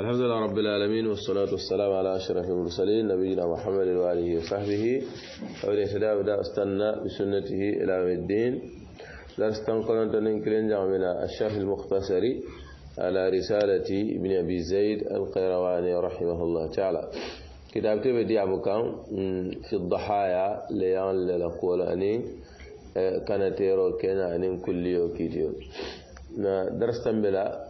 الحمد لله رب العالمين والصلاة والسلام على أشرف المرسلين نبينا محمد وآله وصحبه والاهتداء بدا استنى بسنته إلى أم الدين درس تنقل تنكلين من الشرح المختصري على رسالة ابن أبي زيد القيرواني رحمه الله تعالى كتاب كيف دي أبو في الضحايا ليان للأقوال أني آه، كانت تيرو كنا أنين كل يوم كتير درس تنبلا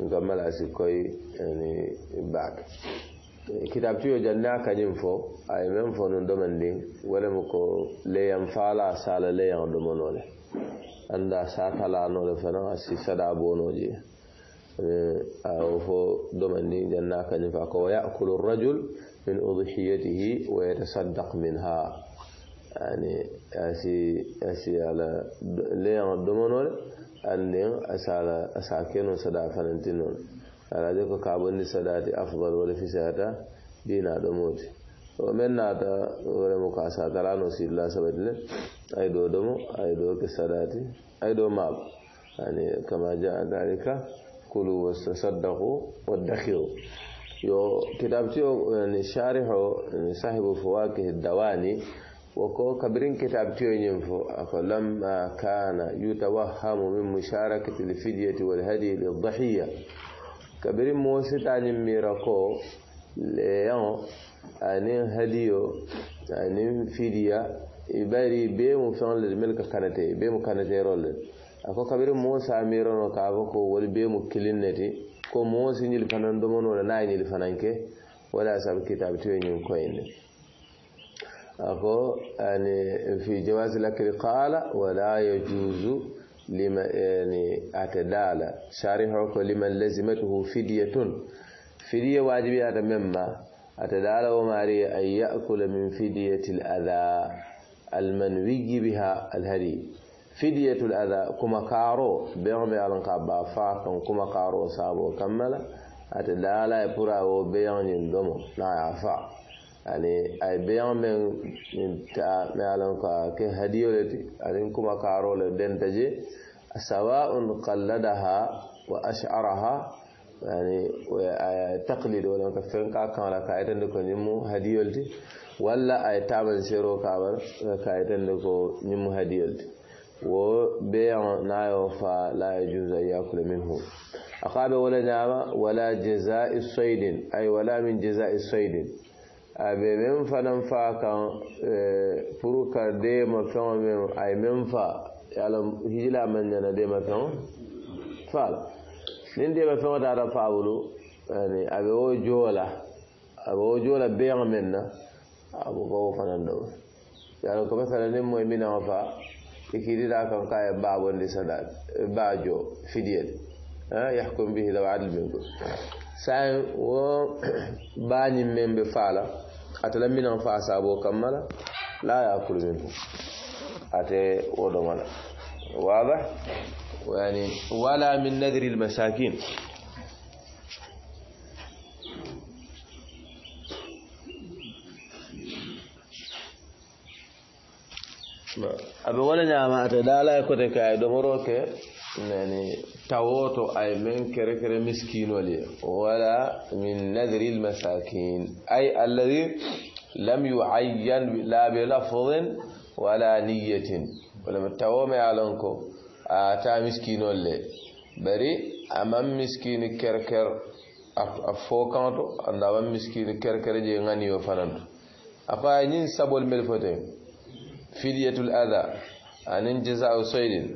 نتوما لاسي كوي يعني باك كتاب تيو جنة كنيم فو أي من فو نندم عندي ولا مكو ليام فالا سال ليام دمونولي عند ساتا لا نولا فنا أسي سدا بونوجي أو فو دمني جنة كنيم فاكو ويأكل الرجل من أضحيته ويتصدق منها يعني أسي أسي على ليه عن دمون ولا أندين أس على كينو سدا فلنتينون على ذلك كابون سداتي أفضل ولا في سهرة دينا دموتي ومن نادا ولا مكاسا ترى نسي الله سبحانه أي دو دمو أي دو كسداتي أي دو ماب يعني كما جاء ذلك كلوا وتصدقوا وادخروا يو كتابتي يعني شارحه يعني صاحب فواكه الدواني woko kabirin kitabtiyoñin fo ako lamma kana yutawahamu min musharakati lfidyati walhadi lidahiya kabirin mosetañin mira ko leyao anin hadiyo anin fidya ibari bemu fenle melka kanate bemu kanaterolle ako kabirin mosa mirano kafo ko wal bemu kilinneti ko mosi ñil fanan domonole nañil fananke wala sabu kitabtiyoñin koyenne أكو يعني في جواز الأكل قال ولا يجوز لما يعني اعتدال شارحك لمن لزمته فدية فدية واجبية مما اعتدال وماري أن يأكل من فدية الأذى المنوي بها الهدي فدية الأذى كما كارو بيعم على قبا فاكم كما كارو سابو كملا اعتدال يبرا وبيعن دوم لا يعفى ani ai beyaŋ men ñiŋ taa me ye a ke hadiyo le ti kuma ka role den taje sawaun qalladaha wa asharaha yani aya wala ka feŋ ka kan la ka idan ko nimu hadiyo hadiyol ti walla a ye taaban ka bar ka idan ko nimu hadiyo hadiyol wo beyaŋo na yo fa la yajuusu an yakula minhu aqaba wala a wala jazaa'is saydin ay wala min jazaa'is saydin a be men fa nan fa kan eh, furu ka de ma fɛn min a ye men fa yala hijila man nana de ma fɛn fa la Ni de ma fɛn o taara fa bolo a bɛ o jo la a bɛ o jo la bɛn min na a bɛ k'o fana dɔn yala ko masala ni mɔ min na fa i k'i dira kan k'a ye ba bɔ ni sada ba jɔ fidiyɛ eh, yahkum bihi dawa adil min ko saa wo ba nyin min bɛ fa la. atala minan fa asabo kammala la yakulu minhu ate wodo mala واضح يعني ولا من نذر المساكين abe wala ñama ate da lay kote kay domoro ke nani tawoto ay men miskino miskinole wala min nadri masakin ay alladi lam yuayyan la be lafdin wala niyatin tawo tawome alon ko ta miskino le bari man miskini kere-kere a fokanto kanto anda aman miskini kerkere je ganiyo fananto apa ñin sabol mel foten fidiyatul adha anin jasau soydin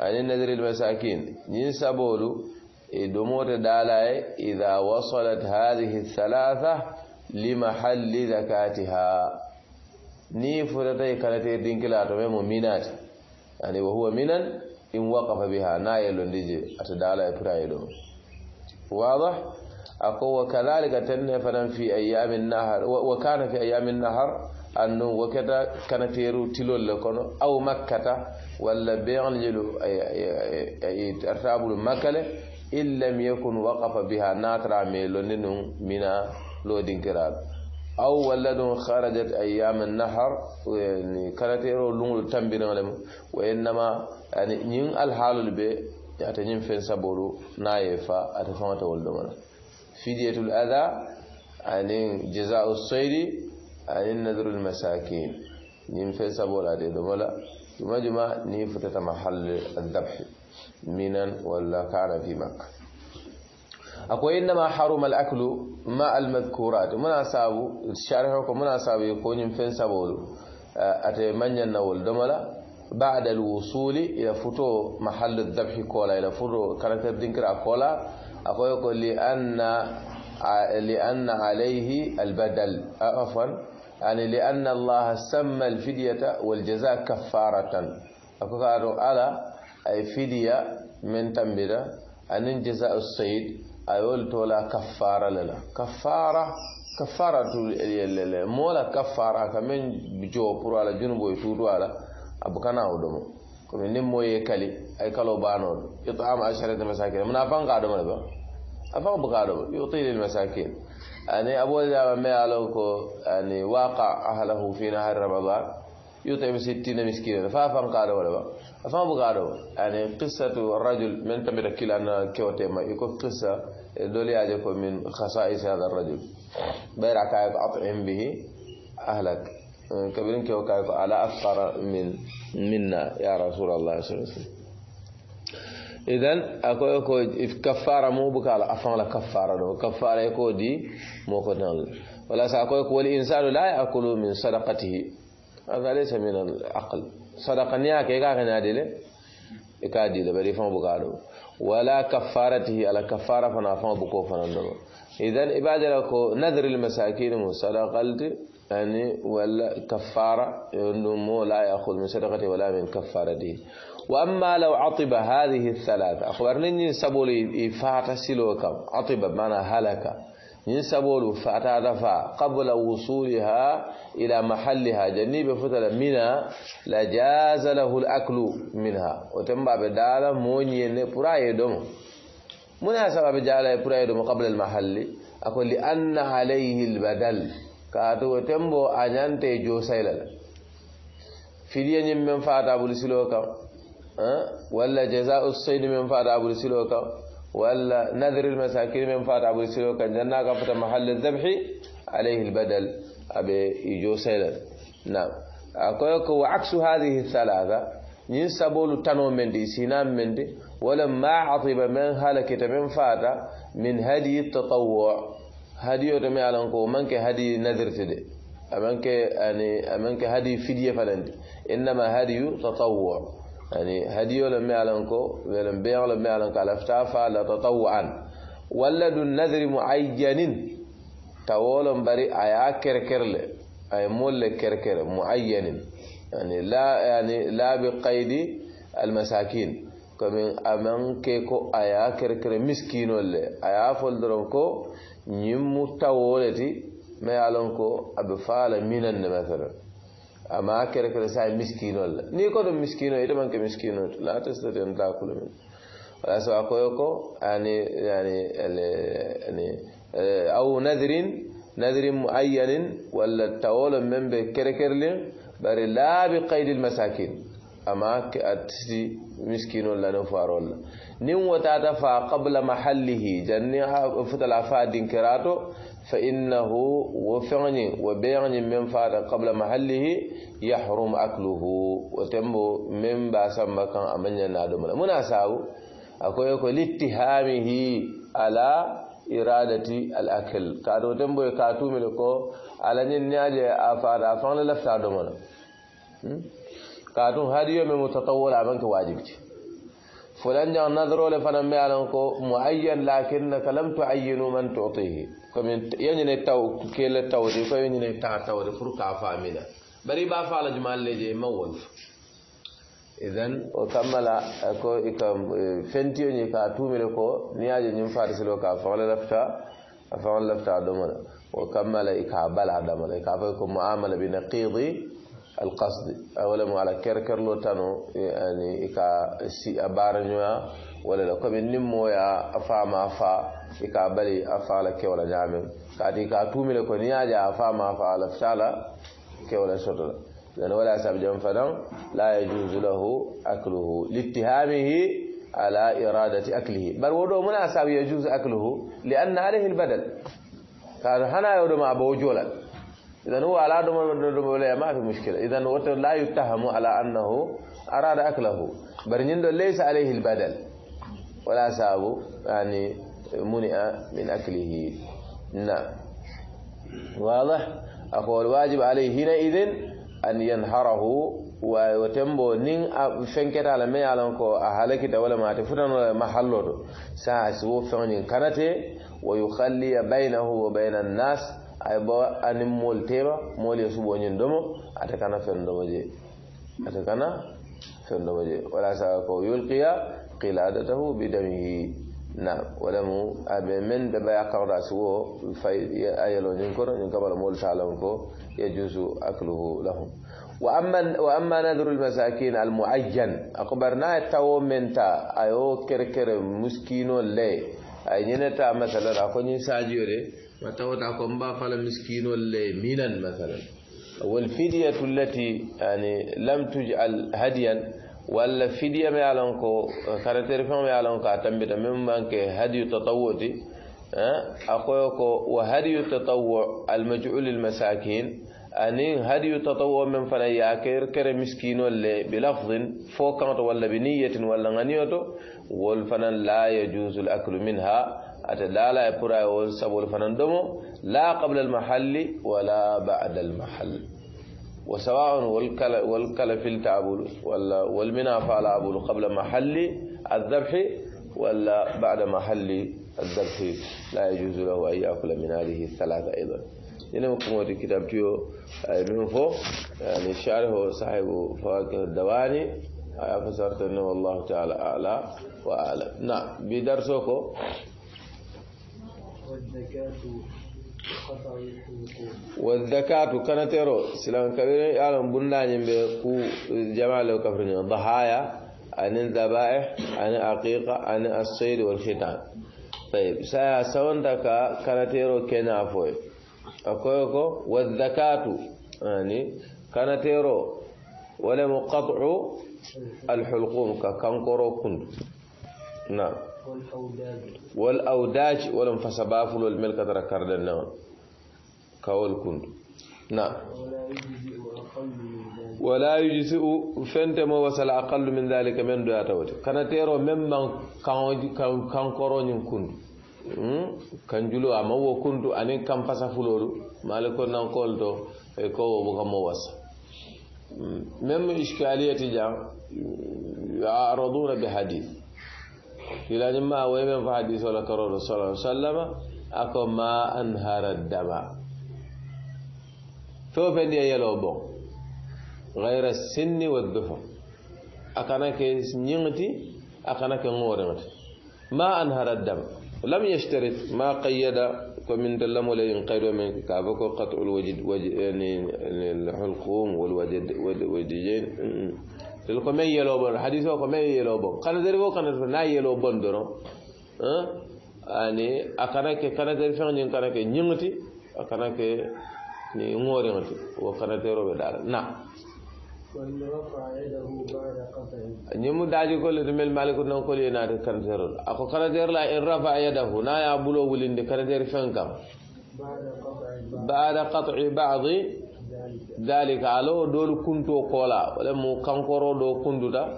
ani nadril masakin ñin sabolu e domote daalaye ida wasalat hadihi thalatha limahalli zakatiha ni futata e kalate dinkilato me mo minati ani wa huwa minan in waqafa biha na yellondije ata daalaye puraye ɗo wadah ako wa kadhalika tanne fanan fi ayami nahar wa kana fi ayami nahar annu wa kada kana teru tilol le kono aw makkata ولا بيع اي ارتابل مكلة إن لم يكن وقف بها ناترا ميلونين من لودين كراب أو ولد خرجت أيام النهر يعني كرتيرو لونغ تنبين وإنما يعني نين الحال البي يعني نين فين سبورو نايفا أتفهم تولدمنا فدية الأذى يعني جزاء الصيد يعني نذر المساكين نين فين سبورو أتفهم مجمع ني فتت محل الذبح مينا ولا كان في مكة أقول إنما حرم الأكل مع المذكورات من مناسب شارحكم أصاب يكون فين سبول آه، أتى من ينول دملا بعد الوصول إلى فتو محل الذبح كولا إلى فتو كاركتر دينكرا كولا أقول لأن آه، لأن عليه البدل آه، عفوا yani li'anna allaha samma alfidyata wal jazaa kaffaratan akakaru ala ay fidya min tambida anin jazaa sayd ayol tola kaffara lala kaffara kaffara tu lele mola kaffara kamen bijo pour ala junubo tutu ala abukana odomo komi nin moye kali ay kalo banoɗo itam asharata masakin mna fanka ɗomale ba a fan buka ɗomo yuti lil masakin يعني أبو دعوة ما علوكو أني واقع أهله في نهار رمضان يطعم ستين مسكينا فافن قالوا ولا فهم قالوا أني قصة الرجل من تمر كلا أن ما يكون قصة دولي أجاكم من خصائص هذا الرجل بيرك كايك أطعم به أهلك كبيرين كيو على أفقر من منا يا رسول الله صلى الله عليه وسلم إذن أكو أكو إف كفارة مو بكالة أفان لا كفارة لو كفارة يكو دي مو كنال ولا سأكو أكو والإنسان لا يأكل من صدقته هذا ليس من العقل صدقة نياك إيكا غنى ديلة إيكا ديلة بل إفان بكالو ولا كفارته على كفارة فانا أفان بكو فنندو إذن إبادة لكو نذر المساكين مو صدقة يعني ولا كفارة يندو مو لا يأخذ من صدقته ولا من كفارته واما لو عطب هذه الثلاثة اخبرني ينسبوا لي فات سلوكم عطب بمعنى هلك ينسبوا له فات رفع قبل وصولها الى محلها جنيب فتل منا لجاز له الاكل منها باب بدالا موني نبراي دوم منا سبب جالا براي دوم قبل المحل اقول لان عليه البدل كاتو تمبو انانتي جو سيلل فيديا نيم من فاتا بول سلوكم أه؟ ولا جزاء الصيد من فاد ابو سلوكا ولا نذر المساكين من فاد ابو سلوكا جنة قفت محل الذبح عليه البدل ابي يجو سيلا نعم اكوكو وعكس هذه الثلاثه ينسبولو تانو مندي سينام مندي ولما عطب من هلك من فاد من هدي التطوع هدي رمي على انكو منك هدي نذر تدي أمنك يعني أمنك هدي فدية فلندي إنما هدي تطوع يعني هديو لم يعلنكو ولم بيع لم يعلنك على افتافا لا تطوعا ولد النذر معين تولم بري ايا كركرل اي مول كركر معين يعني لا يعني لا بقيد المساكين كمن امن كيكو ايا كركر مسكين ولا ايا فولدرونكو نيم تولتي ما يعلنكو ابفال مينن مثلا أما كره كره ساي مسكين ولا نيكو دم مسكين إذا كمسكين مسكين لا تستطيع أن تأكل منه ولا سواء كويكو يعني يعني ال يعني،, يعني أو نذرين نذر معين ولا تقول من بكره كره بل لا بقيد المساكين أما أتسي مسكين ولا نفار ولا نيم وتاتفا قبل محله جنة فتلا فادين كراتو فإنه وفعن وبيعن من فعل قبل محله يحرم أكله وتم من باسم مكان أمن ينادم مناساو أكو أكوي لاتهامه على إرادة الأكل كاتو تمو يكاتو ملكو على نياجة أفعل أفعل لفتادم كاتو هذه من متطول عمانك واجبتي فلان جان نظروا لفنان بيانكو معين لكنك لم تعينوا من تعطيه كم يعني نتاو كيل التوري كم يعني نتاع التوري فرقة فامينا بري بافا على جمال لجي موظف إذن وكمل أكو إكم فنتي يعني كاتومي لكو نياجي نيم فارس لو كافون لفتا كافون لفتا دومنا وكمل إكابل هذا من إكابل كم معاملة بنقيضي القصد أولا على كركر لو تانو يعني إكا سي أبارنيا ولا لو كم نمو يا أفا ما أفا إكا بلي أفا لك ولا جامم كاتي كاتومي لكو نياجا أفا ما أفا لفشالا كولا شرلا لأن ولا سبجا فدم لا يجوز له أكله لاتهامه على إرادة أكله بل ودو منا سب يجوز أكله لأن عليه البدل كان هنا يودو ما بوجولا إذا هو على دم ما في مشكلة إذا هو لا يتهم على أنه أراد أكله برنيند ليس عليه البدل ولا ساب يعني منع من أكله نعم واضح أقول واجب عليه هنا إذن أن ينحره وتمبو نين فنكتا على مي على كو أهلك ولا ما تفتن ولا ما ساعة سوو فنين كانت ويخلي بينه وبين الناس ay ba ani mol teba mol ya su bonyen domo a ata kana fen domo je ata kana fen domo je wala sa ko yulqiya qiladatahu bi damihi na wala mu abe men da baya qarda suwo fay ayelo nyen ko nyen kabal mol salam ko ya juzu akluhu lahum wa amma wa amma nadru al masakin al muajjan akbarna tawo menta ayo kerekere muskino le ay nyenata masalara ko nyen sajiore وتوتا كمبا فلا مسكين ولا مينا مثلا والفدية التي يعني لم تجعل هديا ولا فدية ما يعلنكو كارتير فهم يعلنكو أتمبت من بانك هدي تطوتي أقولكو وهدي التطوع المجعول للمساكين أنين هدي التطوع من فنيا كير كر مسكين ولا بلفظ فوقت ولا بنية ولا غنيته والفنان لا يجوز الأكل منها أتى لا يبرا وسبول فنندمو لا قبل المحل ولا بعد المحل وسواء والكل والكل في التعبول ولا والمنا فعل قبل محل الذبح ولا بعد محل الذبح لا يجوز له أن يأكل من هذه الثلاثة أيضا إنه كمودي كتاب تيو آه، آه، من فوق يعني شارحه صاحب فواكه الدواني آه، فسرت أنه والله تعالى أعلى وأعلم نعم بدرسوكو والذكاة كانت ترو سلام كبير يعلم بنا نمبي كو جمال لو ضحايا عن الذبائح عن العقيقة عن الصيد والختان طيب سيا سون دكا كانت ترو كنا فوي أكويكو والذكاة يعني كانت ترو ولم قطع الحلقوم ككنكرو كنت نعم wal audaj wal fasabaful wal milka tarakar da nan kawal kundu na wala yujisi'u fente ma wasala aqallu min dhalika min do ta wata kana tero men man kan koroñin kundu hmm? kan julo ama wo kundu anin kan fasa fulolu mala ko nan kol to e ko wo buka mo wasa même hmm. iskaliyati jam yaraduna bi hadith إلى ما ويمن في حديث ولا كرر صلى الله عليه وسلم أكو ما أنهار الدماء فهو بني يلو بو غير السن والدفع أكنك نيغتي أكنك نورغتي ما أنهار الدم لم يشترط ما قيد ومن تلم ولا ينقيد من كعبك قطع الوجد وجد يعني الحلقوم والوجد والوجدين ko men yelo bon hadis o ko men yelo bon kala dari wo kana to na yelo bon dono hein ani akana ke kana dari fe nyin kana ke nyingti akana ke ni ngori ngati wo kana tero be dara na ñimu daaji ko le mel maliku non ko le naati kanateerol ako kanateer la in rafa yadahu na ya bulo wulinde kanateer fen kam bada qat'i ba'di dalika alawo doolu kunto koola wala mu kankoro do kunduta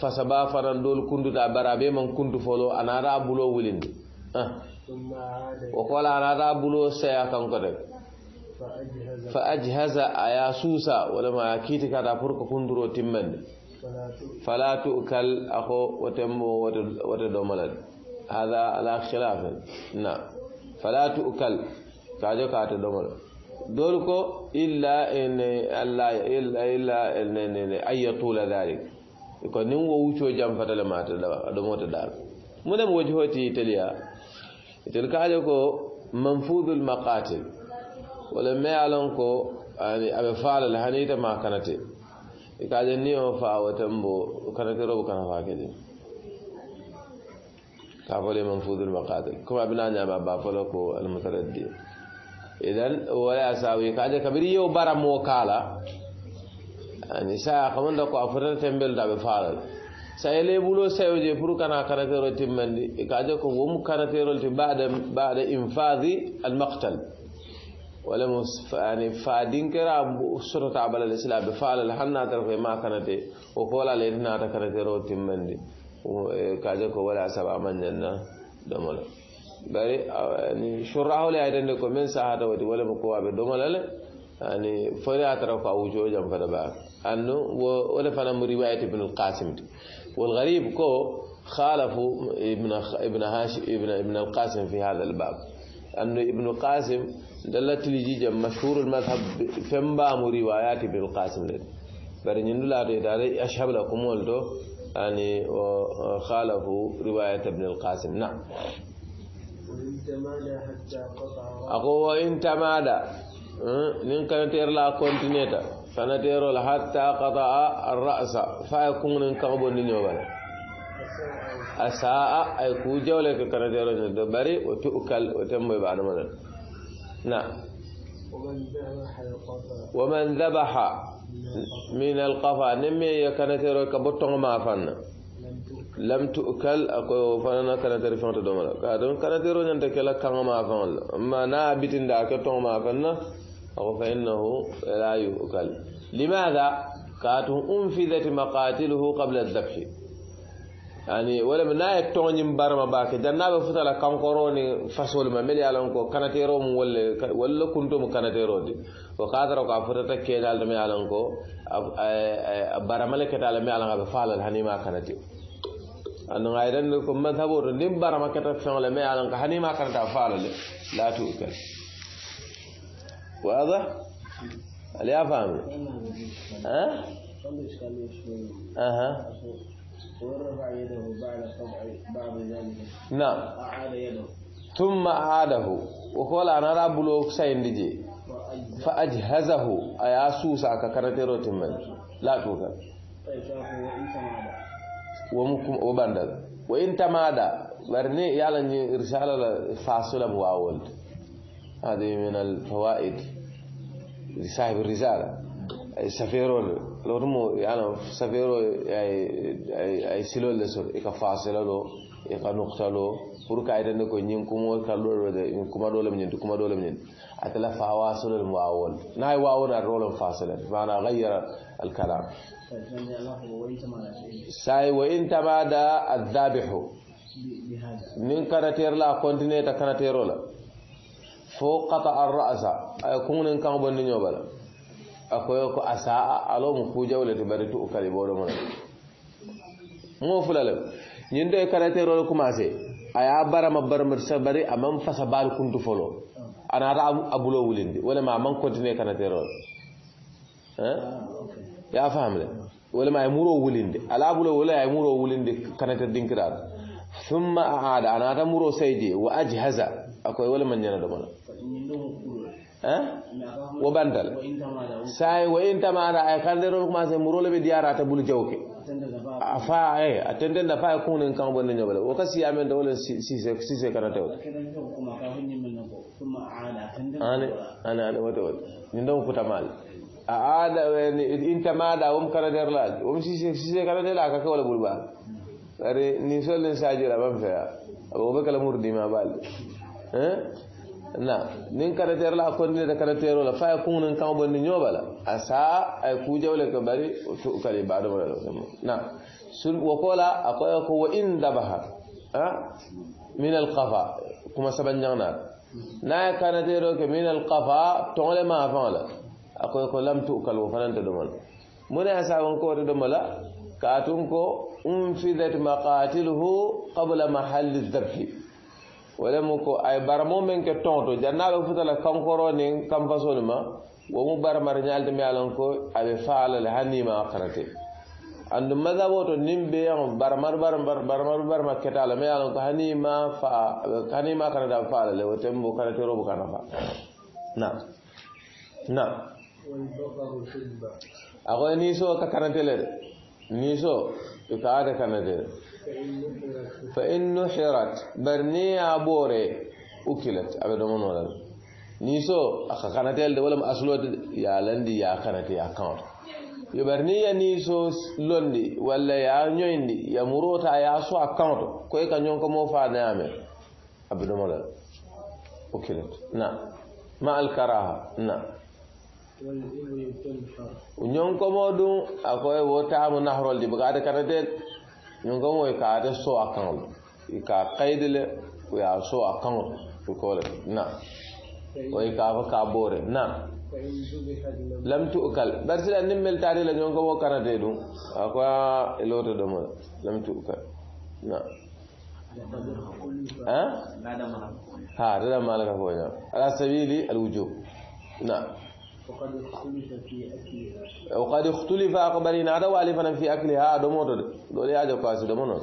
fasaba fanan doolu kunduta bara be man kuntu folo anata bulo wulindi ah. o koola anata bulo seya kanko de fa ajhaza aya suusa walama aya kiiti kata pour kunduro timmande fala tukal akho wotembo wata domalad hada ala khilafe na fala tukal kajo kata domalade دول کو الا ان الله الا الا ان اي طول ذلك ko nin wo wuco jam fatale mata da do mota dal munem wajhoti taliya itel kaale ko manfudul maqatil wala me alon ko ani abe faala la hanita ma kanate kaje ni o fa watambo kanate robo kana fa kede ka fole manfudul maqatil kuma bina nya ba ba folo ko al mutaraddi إذن ولا يساوي كأجل كبيرية وبرا موكالة يعني سايا كمان دكو أفرر تنبيل دابي فارل سايا لي بولو سايا جي برو كانا كاراتيرو تمندي كأجل كو وم كاراتيرو بعد بعد إنفاذ المقتل ولم يعني فادين كرا سرطة على الإسلام بفعل حنا ترفي ما كانت وقولا لإنها تكرتيرو تمندي كأجل كو ولا سبع من جنة دمولو bari ani shurraho le aydan ko men sahada wadi wala ko wabe do malale ani fori atara ko awujo jam fada ba anno wala fana mu riwayat ibn al-qasim wal gharib ko khalafu ibn ibn hashim ibn ibn al-qasim fi hadha al-bab anno ibn qasim dalati li ji jam mashhur al-madhhab femba mu riwayat ibn al-qasim le bari nyindula de dare ashhab lakum ani khalafu riwayat ibn al-qasim نعم ako wo intamada nin kana terla continueta kana terol hatta qata'a ar-ra'sa fa yakun nin kabo ni nyobala asaa ay ku jawle ka kana terol ni do bari o tu'kal o tembe ba adama na na ومن ذبح من القفا نمي يا كانت روك بطن ما فن lam tu'kal ako fanana kanatari fanta domala ka don kanatiro nyanta kala kangama fan ma na bitinda ka to ma fanna ako fa innahu la yu'kal limadha katu unfidhat maqatiluhu qabla adh-dhabh yani wala na ya tonyin barma ba ka janna ba futala kankoro ni fasol ma mel yalan ko kanatero mu walla walla kunto mu kanatero di wa qadara ka futata ke dal da me yalan ko baramale ke dal me yalan ga falal hanima kanatero أن غيرن لكم مذهب ورندم برما كتر فعل لما على كهني ما كرت أفعل لا توكل واضح؟ اللي أفهم ها؟ أها نعم أعاد يده ثم أعاده وقال أنا رب لو سين فأجهزه أياسوس أكا كرتيرو تمن لا توكل طيب وإن سمع wo bandal wo in tamada bari ni ye a la ñiŋ risala la faasula mu waawolde hadi min alfawaid sahibu risala ay safeerol lowoto mo ye a la safeero ay silol le soto i ka faasila lo i ka nukta lo pour ka ayitande ko ñiŋ kumo ka ɗo ɗo de kuma ɗo le mu ñinti kuma ɗo le mu ñinti أتلا فواصل الواول ناي واول الرول فاصلا بمعنى غير الكلام ساي وإن تمادى الذابح نين كانتير لا كونتينيتا كانتير لا فوق قطع الرأس أكون إن كان بني نيوبلا أكويوكو أساء ألو مخوجة ولتي بريتو أكالي بولو منا مو فلالو نين كانتير لا كماسي أيا برا مبرمر سبري أمام فسبال كنت فلو ana anata abulo wulindi ma man continue kanaterol ya famle walama ye muro wulindi ala abulo wula ye muro dinkira kanate dinkiraɗo da aada ta muro saydi wa ajhaza akoye walama ñana ɗomona wo bantal say ma intamada ay kaldero commencé murole ɓe diyarata bulu jawke a fa e a tenden da fa e kunen kan bonne ñobale wo ka siyamen to wolen sise kanatewte أنا أنا أنا ودود نندو كتمال أعاد أنت ما دا أم كردير لاد أم سيسي سيسي كردير لاد كاكا ولا بلبا أري نيسول نساجر أبان فيها أبو بكلا مردي ما بال أه؟ na nin karatere la kondi da karatero la faya kun nin kan bonni nyoba la asa ay ku jawle ka bari to kali ba do la na sun wa kola akoya ko wa in dabaha ha min al qafa kuma saban jangna na kanatero ke min alqafa tongole ma fala akoy ko lam tukal wo fananta do man mun hasabun ko to do mala katun ko unfidat maqatiluhu qabla mahalli dhabhi wala mu ko ay baramo men ke tonto jannaɓe futala kankoro nin kam fasoni ma womu barmar ñalde mi alan ko aɓe faalale hannima akarate andu madhabo to nimbe bar mar bar bar mar bar barmar keta la me yalon ko hanima fa hani kana da fa la wote mbo kana to robu kana fa na na ago ni so ka kana tele ni so to ka ada kana tele fa in nuhirat barni abore ukilat abedo mon wala ni so aka kana tele wala ma aslo ya landi ya kana te account yobarni ya ni londi wala ya ñoyndi ya murota ya so a Ko e ka ñon ko mo fanayame abdomola o kilet na ma alkaraha na ñonkomo ɗum akoye wo taamu nahrolde bo kaade kanate ñonkomo e kaate so a E ka kayde le ya so a kawto ko kole na wai kafa ka na لم تؤكل برسل أن نمل تاري لجون كو كان تيدو أكوا إلوت دم لم تؤكل نعم ها أه؟ ها رضا مالك نعم على سبيل الوجوب نعم وقد اختلف في أكلها وقد اختلف أقبلين هذا وألفنا في أكلها دموت دولي أجو كاسو دمونوس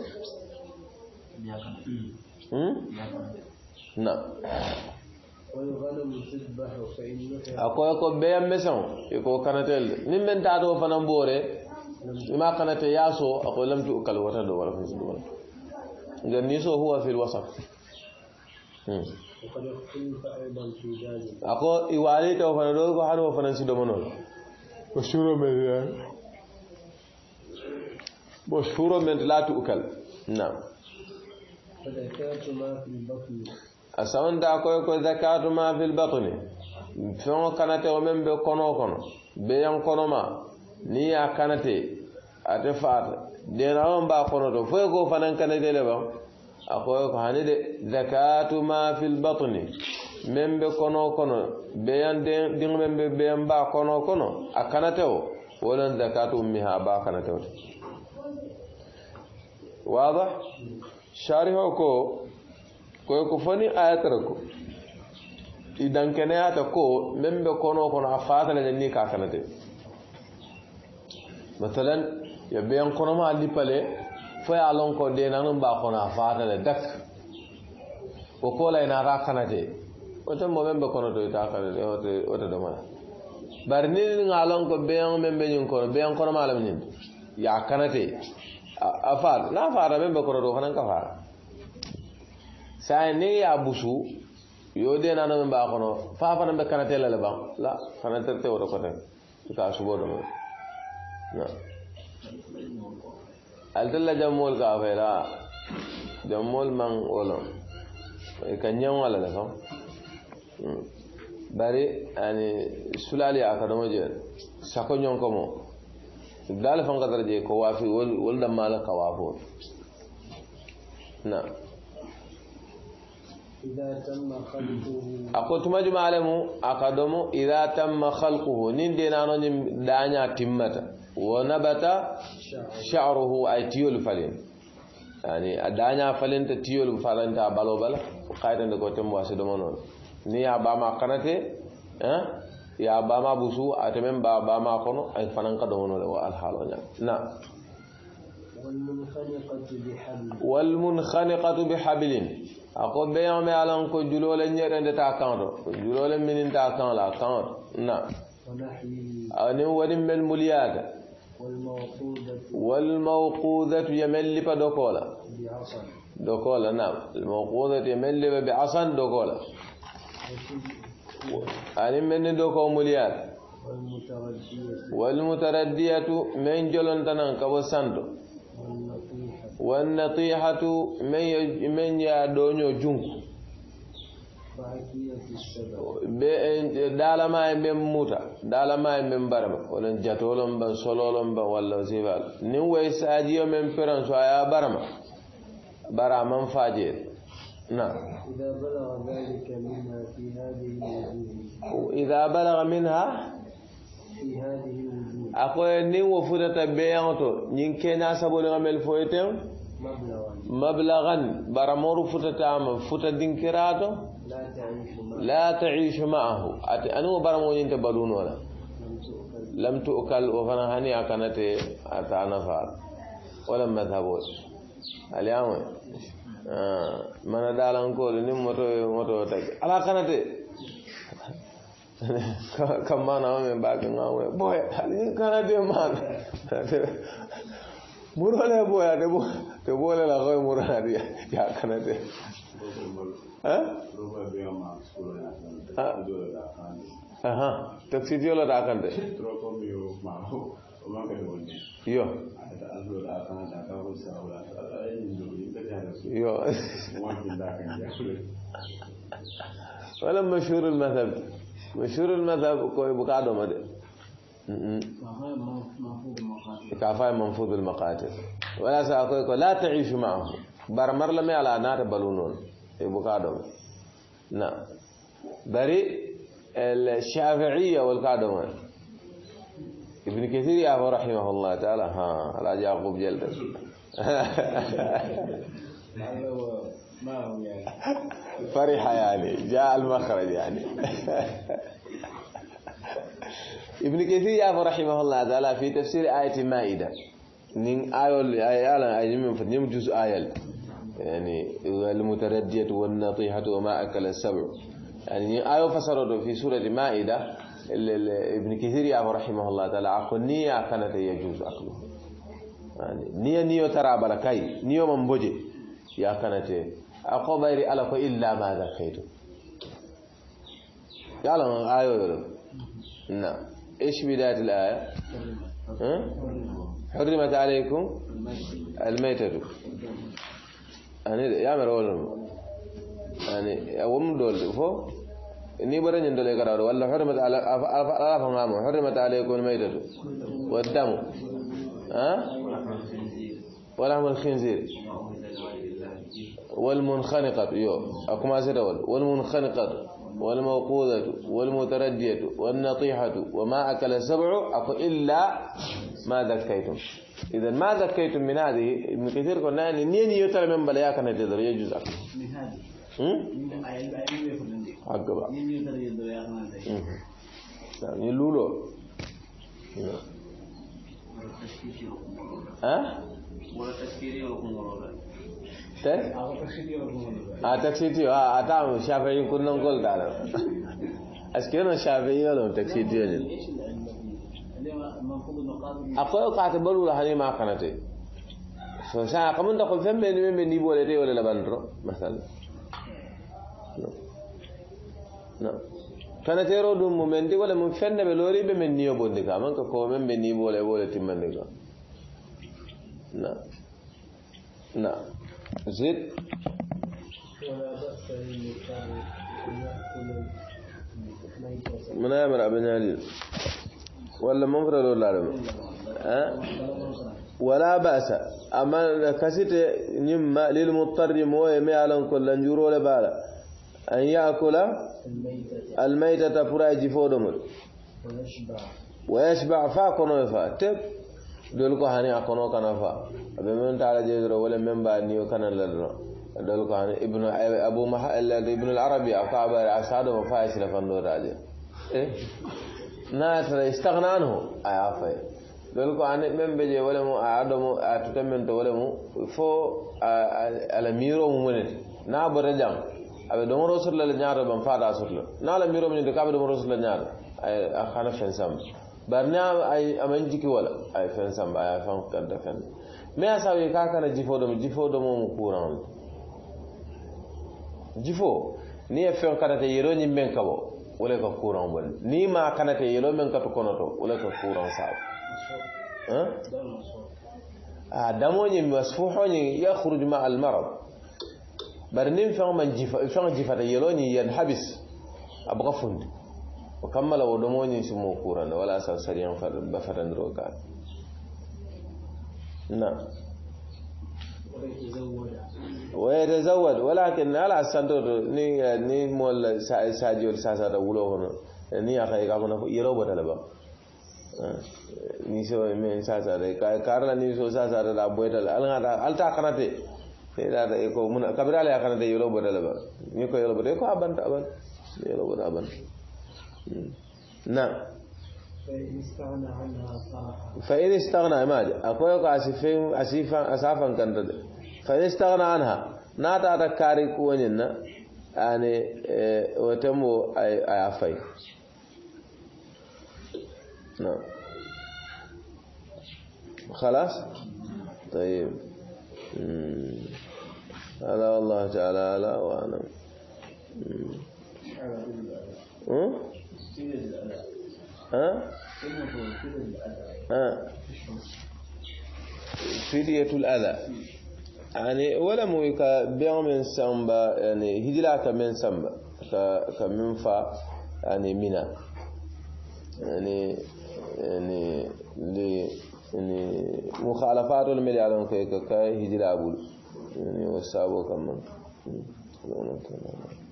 نعم akoye ko beyan meseŋo i ko kanatel de niŋ meŋ taatoo fanaŋ boore i maŋ kanate yaasoo a ko lamti u kali wata do wala fansi wala nga niisoo huwa fil wasaf a ko i waali tewo fana do ko hani wo fanaŋ si domonoo la ko suuro meŋ bo suuro meŋ laati u kali naam asawanda koy ko zakatu ma fil batni feŋo kanate wo meŋ be kono kono beyaŋ kono ma niŋ ye a kanate ate faata denawoŋ be a kono to fo ye ko fanaŋ kanate le baŋ a koye ko hani de zakatu ma fil batni meŋ be kono kono beyaŋ diŋo meŋ be beyaŋ be a kono kono a kanate wo wo loŋ zakatu ummiha a be a kanate wo te wadah shariho ko koye ko fani ayatara ko i dankeneyata ko min be kono kono a fatalene ni kakanate masalan yo ɓeyan konoma a lippale fo ye a lon ko de nanum ba kono a fatale dak o kola inata kanate o tenbo min be kono to ita kanate ote domana bari ni ga lon ko ɓeyan min be ñin kono ɓeyan konoma lam ñin ya kanate a fata na fata min be kono to fanan ka fata saa ne ya busu yo de na no ba kono fa fa na be karate la ba la kana terte woro ko tan ka subo do na aldalla jamol ka fa la jamol man wala e kanyan wala la fa bari ani sulali aka dama je sako nyon ko mo dal fa ngadar je ko wafi wol wol da mala kawafo na إذا تم خلقه أقول تمجم علمو أقدمو إذا تم خلقه نندي نانو دانيا تمتا ونبت شعره أي تيول فلين يعني دانيا فلين تيول فلين تابلو بلا قايدا نكو تم منون ني أباما قناتي ها يا باما بوسو أتمم باما كونو أي فنان كدونو لو الحالو نعم والمنخنقة بحبل والمنخنقة بحبل ako beyan me alan ko julole nyerende ta kanto ko julole minin ta kan la kan na ani wadin mel muliyada والموقوذة يمل بدوكولا دوكولا نعم الموقوذة يمل بعصا دوكولا أني من دوكو مليار والمتردية من جلون تنان كبو ساندو والنطيحة من يج... من يدونو جنك بين دالا ما يبين موتا دالا ما يبين برم ولا جاتولم بن سولولم بن ولا زيبال نو ويس اجيو من فرنس ويا برم برم فاجر نعم اذا بلغ ذلك منها في هذه الوجوه اذا بلغ منها في هذه الوجوه akoye nin wo futata beyaŋo to ñiŋ kena sabolera mel fo ye teŋ mablagan baramoru futatama futa dinkirato la taishu maahu ate ani wo baramo ñinte baduno la lam tukal wa fana hani akanate ata nafar wala madhabol aliyaŋo mana dalankolu nin moto moto tagi ala kanate kammana wame mbake gawe boya kana de mana murole boya de bo de bole la koy murana de ya kana de aha taxi diola da kande yo yo ولا مشهور المذهب مشهور المذهب ما ومدر كفاية منفوذ بالمقاتل ولا سأقولك لا تعيش معه برمر لمي على نار بلونون يبقى نعم بري الشافعية ما ابن كثير يعفو رحمه الله تعالى ها راجع يعقوب جلد يعني. فرحة يعني جاء المخرج يعني ابن كثير يعفو رحمه الله تعالى في تفسير آية مائدة نين آيول آيالا آيجمين آية فتنين جزء آيال يعني المتردية والنطيحة وما أكل السبع يعني آيو فسرده في سورة مائدة ابن كثير يعفو رحمه الله تعالى أقول نية كانت يجوز أكله يعني نية نية ترى بركاي نية من بوجه يا كانت ako ɓayri ala ko illa ma zakaytum yalama ayoyolo na ايش بداية الآية؟ حرمت عليكم الميتة يعني يا مرولم يعني وم دول فو ni bara ñin dole garaado walla hurmat ala ala famamu hurmat alaykum almaytatu waddamu ha wa lahmul khinzir والمنخنقة يو أكو ما سيدول والمنخنقة والموقوذة والمتردية والنطيحة وما أكل سبع أكو إلا ما ذكيتم إذا ما ذكيتم من هذه من كثير قلنا أن يعني نين يترى من بلياك نجدر يجوز أكو من هذه حق بقى نين يتر يجدر ياك نجدر يعني لولو ها؟ ولا تسكيري ولا تكسيتيو اه اتام الشافعيين كنا نقول قالوا اسكنوا الشافعيين ولا تكسيتيو اقول قاعد بلو لهني ما كانت فسا كمان دخل فم من من دي بوله دي ولا لبندرو مثلا نعم كانت يرو دوم من دي ولا من فن بلوري بمن نيو بوندي كمان كو من بني بوله بوله تمندي نعم نعم من أمر ابن علي ولا منفرد ولا علم أه؟ ولا بأس أما كسيت نم للمضطر موي ميالن كل ولا لبالا أن يأكل الميتة فراجي فودمر ويشبع فاكون ويفا تب dolu ko hani a kono kana fa aɓe men taala je doro wala men mba niyo kanan la doro dolu ko hani ibnu abou ibnu l arabi a ko aɓare a sadoma fa a sila fandotaje e natara istahna anhu aya fay dolu ko hani ɓen ɓe je wala mu a adomo a tuta men to wala mu fo ala miro mumunete na bota jam aɓe ɗomoro sotla la ñaato ɓam fata sotla na ala miro mumnete ko aɓe ɗomoro sotla ñaato a kana fen samba barna a man jiki wala a fen san ba ya fen da fen me ya sa ka kana jifo mu jifo do mo kuran jifo ni ya fen kada ta yero ni men kabo wala ka kuran wal ni ma kana ta yero men ka to kono to wala ka kuran sa a damo ni masfuho ni ya khuruj ma al marad barnin fen man jifo fen jifa ta yero ni yan habis abqa fundi o kammala wo domoñin simo kuranda wala sa sariyan bafatandiro ka na wayatazawad walakin ala santoto ni ni mool sasa da wulo kono ni kai kafa na yero botale ba ni so men sasata karla ni so sasata da boytale alata alta kanate seeɗata da ko mun kabirala yakanate yelo botale laba ni ko yelo bata ko abanta aban yelo bota abanta نعم فإن استغنى ماذا أقول عسيفين عسيفا أسعفا كان فإن استغنى عنها ناتا تكاري كونينا يعني آه، وتمو أي عفاي نعم خلاص طيب هذا والله تعالى أعلم وأعلم ها؟ ها؟ فدية الأذى يعني ولا مويك بيع من سامبا يعني هدلا كمن سامبا كمن فا يعني منا يعني يعني لي يعني مخالفات الملي يعلم كيك كاي هدلا بول يعني وسابو كمان